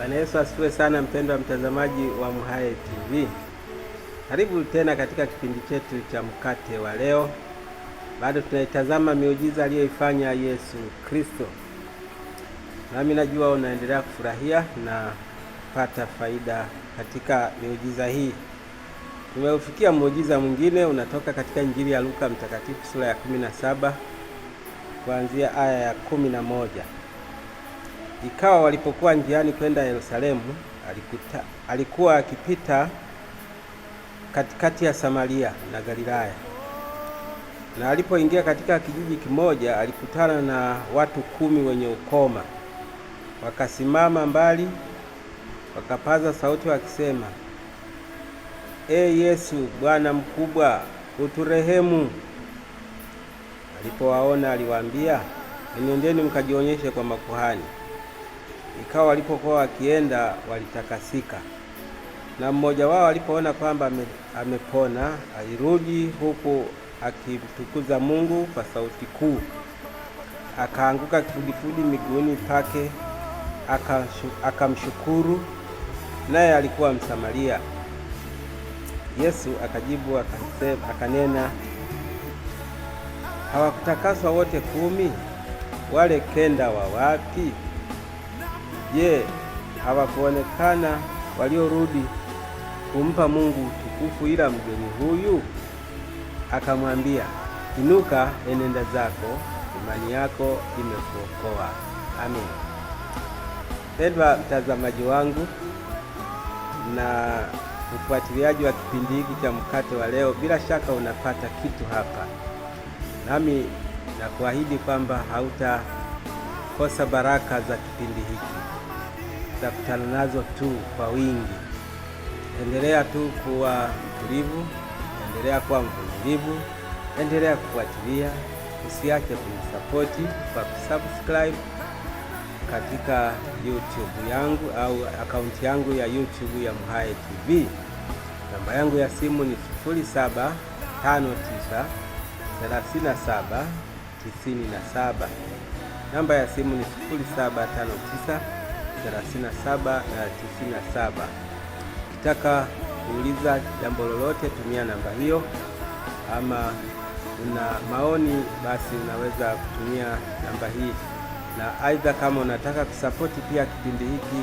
Bwana Yesu asifiwe sana, mpendwa mtazamaji wa MHAE TV, karibu tena katika kipindi chetu cha mkate wa leo. Bado tunaitazama miujiza aliyoifanya Yesu Kristo, nami najua unaendelea kufurahia na pata faida katika miujiza hii. Tumeufikia muujiza mwingine, unatoka katika Injili ya Luka Mtakatifu sura ya 17 kuanzia aya ya moja Ikawa walipokuwa njiani kwenda Yerusalemu, alikuta, alikuwa akipita katikati ya Samaria na Galilaya. Na alipoingia katika kijiji kimoja, alikutana na watu kumi wenye ukoma. Wakasimama mbali, wakapaza sauti wakisema, E Yesu, Bwana mkubwa, uturehemu. Alipowaona aliwaambia, enendeni mkajionyeshe kwa makuhani ikawa walipokuwa wakienda walitakasika, na mmoja wao alipoona kwamba amepona alirudi huku akimtukuza Mungu kwa sauti kuu, akaanguka kifudifudi miguuni pake akamshukuru, naye alikuwa Msamaria. Yesu akajibu akasema, akanena, hawakutakaswa wote kumi? Wale kenda wa wapi? Je, hawakuonekana waliorudi kumpa Mungu utukufu ila mgeni huyu? Akamwambia, inuka, enenda zako, imani yako imekuokoa. Amen. Pendwa mtazamaji wangu na mfuatiliaji wa kipindi hiki cha Mkate wa Leo, bila shaka unapata kitu hapa, nami nakuahidi kwamba hautakosa baraka za kipindi hiki utakutana nazo tu kwa wingi. Endelea tu kuwa mtulivu, endelea kuwa mvumilivu, endelea kufuatilia, usiache kunisapoti kwa kusubscribe katika YouTube yangu au akaunti yangu ya YouTube ya MHAE TV. Namba yangu ya simu ni 0759 37 97. Namba ya simu ni 0759 37 na 97. Ukitaka kuuliza jambo lolote, tumia namba hiyo, ama una maoni, basi unaweza kutumia namba hii, na aidha kama unataka kusapoti pia kipindi hiki,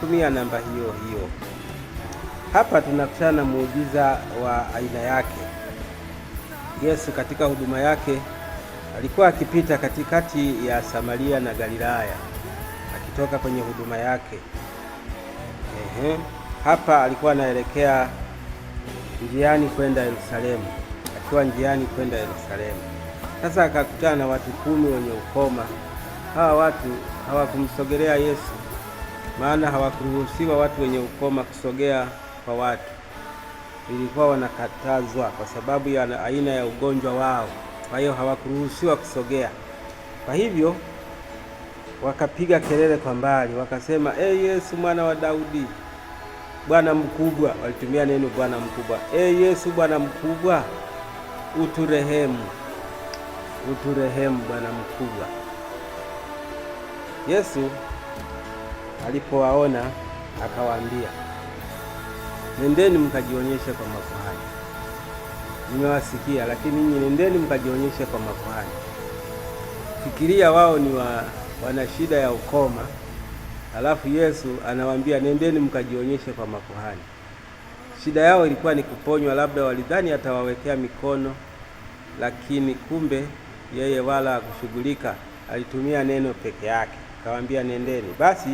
tumia namba hiyo hiyo. Hapa tunakutana na muujiza wa aina yake. Yesu katika huduma yake alikuwa akipita katikati ya Samaria na Galilaya kutoka kwenye huduma yake. Ehe, hapa alikuwa anaelekea njiani kwenda Yerusalemu. Akiwa njiani kwenda Yerusalemu, sasa akakutana na watu kumi wenye ukoma. Hawa watu hawakumsogelea Yesu, maana hawakuruhusiwa watu wenye ukoma kusogea kwa watu, ilikuwa wanakatazwa kwa sababu ya aina ya ugonjwa wao. Kwa hiyo hawakuruhusiwa kusogea, kwa hivyo wakapiga kelele kwa mbali, wakasema e Yesu mwana wa Daudi, Bwana mkubwa. Walitumia neno Bwana mkubwa, e Yesu Bwana mkubwa, uturehemu, uturehemu Bwana mkubwa. Yesu alipowaona akawaambia, nendeni mkajionyeshe kwa makuhani. Nimewasikia, lakini nyinyi nendeni mkajionyeshe kwa makuhani. Fikiria, wao ni wa wana shida ya ukoma, alafu Yesu anawaambia nendeni mkajionyeshe kwa makuhani. Shida yao ilikuwa ni kuponywa, labda walidhani atawawekea mikono, lakini kumbe yeye wala hakushughulika, alitumia neno peke yake, akawaambia nendeni. Basi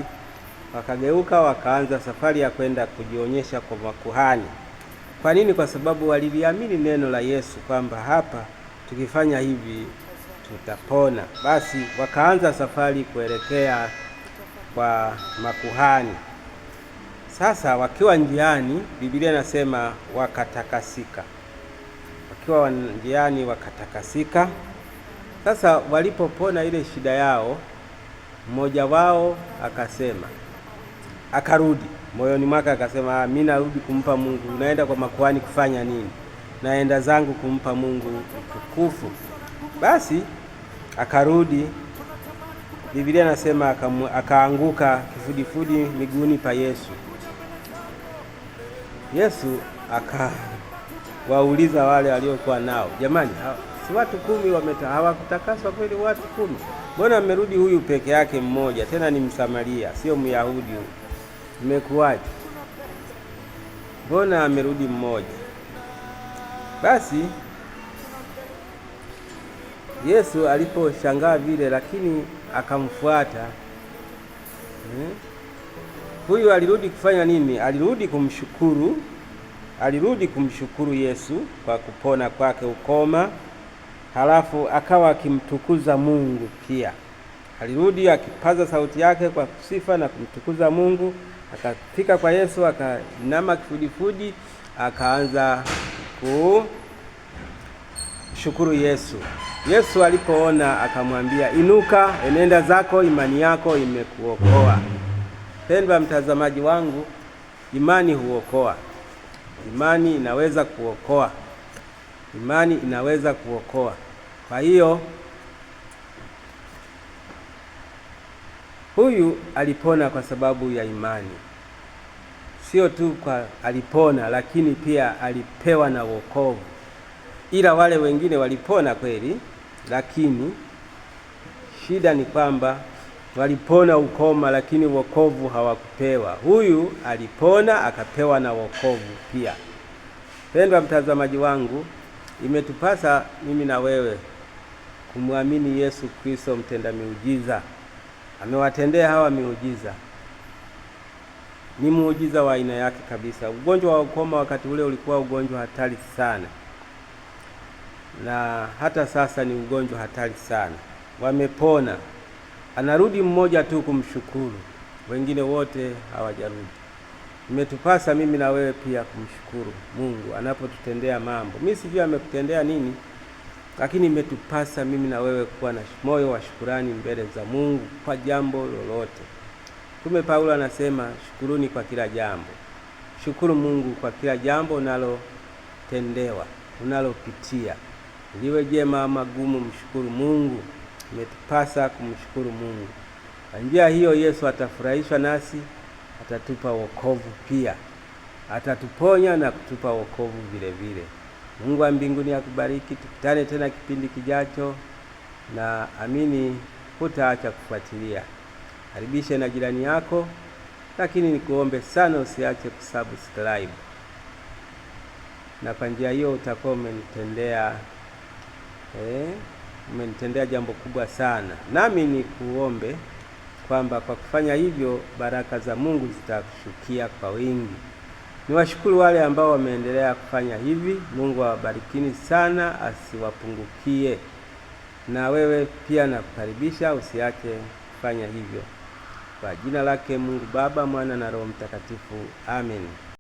wakageuka wakaanza safari ya kwenda kujionyesha kwa makuhani. Kwa nini? Kwa sababu waliliamini neno la Yesu kwamba hapa tukifanya hivi tutapona. Basi wakaanza safari kuelekea kwa makuhani. Sasa wakiwa njiani, Biblia inasema wakatakasika. Wakiwa njiani wakatakasika. Sasa walipopona ile shida yao, mmoja wao akasema, akarudi moyoni mwake akasema, ah, mimi narudi kumpa Mungu. Naenda kwa makuhani kufanya nini? Naenda zangu kumpa Mungu utukufu. Basi akarudi, Biblia nasema akaanguka kifudifudi miguuni pa Yesu. Yesu akawauliza wale waliokuwa nao, jamani, si watu kumi wameta hawakutakaswa kweli? Watu kumi, mbona amerudi huyu peke yake mmoja? Tena ni Msamaria, sio Myahudi. Mmekuwaje? Mbona amerudi mmoja? Basi Yesu aliposhangaa vile, lakini akamfuata. Hmm? Huyu alirudi kufanya nini? Alirudi kumshukuru, alirudi kumshukuru Yesu kwa kupona kwake ukoma, halafu akawa akimtukuza Mungu pia. Alirudi akipaza sauti yake kwa kusifa na kumtukuza Mungu. Akafika kwa Yesu, akainama kifudifudi, akaanza kushukuru Yesu. Yesu alipoona akamwambia, inuka, enenda zako, imani yako imekuokoa. Pendwa mtazamaji wangu, imani huokoa. Imani inaweza kuokoa, imani inaweza kuokoa. Kwa hiyo huyu alipona kwa sababu ya imani. Sio tu kwa alipona, lakini pia alipewa na wokovu, ila wale wengine walipona kweli lakini shida ni kwamba walipona ukoma, lakini wokovu hawakupewa. Huyu alipona akapewa na wokovu pia. Pendwa mtazamaji wangu, imetupasa mimi na wewe kumwamini Yesu Kristo mtenda miujiza. Amewatendea hawa miujiza, ni muujiza wa aina yake kabisa. Ugonjwa wa ukoma wakati ule ulikuwa ugonjwa hatari sana na hata sasa ni ugonjwa hatari sana, wamepona. Anarudi mmoja tu kumshukuru, wengine wote hawajarudi. Imetupasa mimi na wewe pia kumshukuru Mungu anapotutendea mambo. Mimi sijui amekutendea nini, lakini imetupasa mimi na wewe kuwa na moyo wa shukurani mbele za Mungu kwa jambo lolote. Mtume Paulo anasema shukuruni kwa kila jambo. Shukuru Mungu kwa kila jambo unalotendewa, unalopitia liwe jema ama gumu, mshukuru Mungu. Imetupasa kumshukuru Mungu. Kwa njia hiyo Yesu atafurahishwa nasi, atatupa wokovu pia, atatuponya na kutupa wokovu vile vile. Mungu wa mbinguni akubariki. Tukutane tena kipindi kijacho, na amini hutaacha kufuatilia. Karibishe na jirani yako, lakini nikuombe sana usiache kusubscribe, na kwa njia hiyo utakuwa umenitendea eh, umenitendea jambo kubwa sana. Nami nikuombe kwamba kwa kufanya hivyo baraka za Mungu zitakushukia kwa wingi. Niwashukuru wale ambao wameendelea kufanya hivi. Mungu awabarikini sana, asiwapungukie. Na wewe pia nakukaribisha usiache kufanya hivyo. Kwa jina lake Mungu Baba, Mwana na Roho Mtakatifu, amen.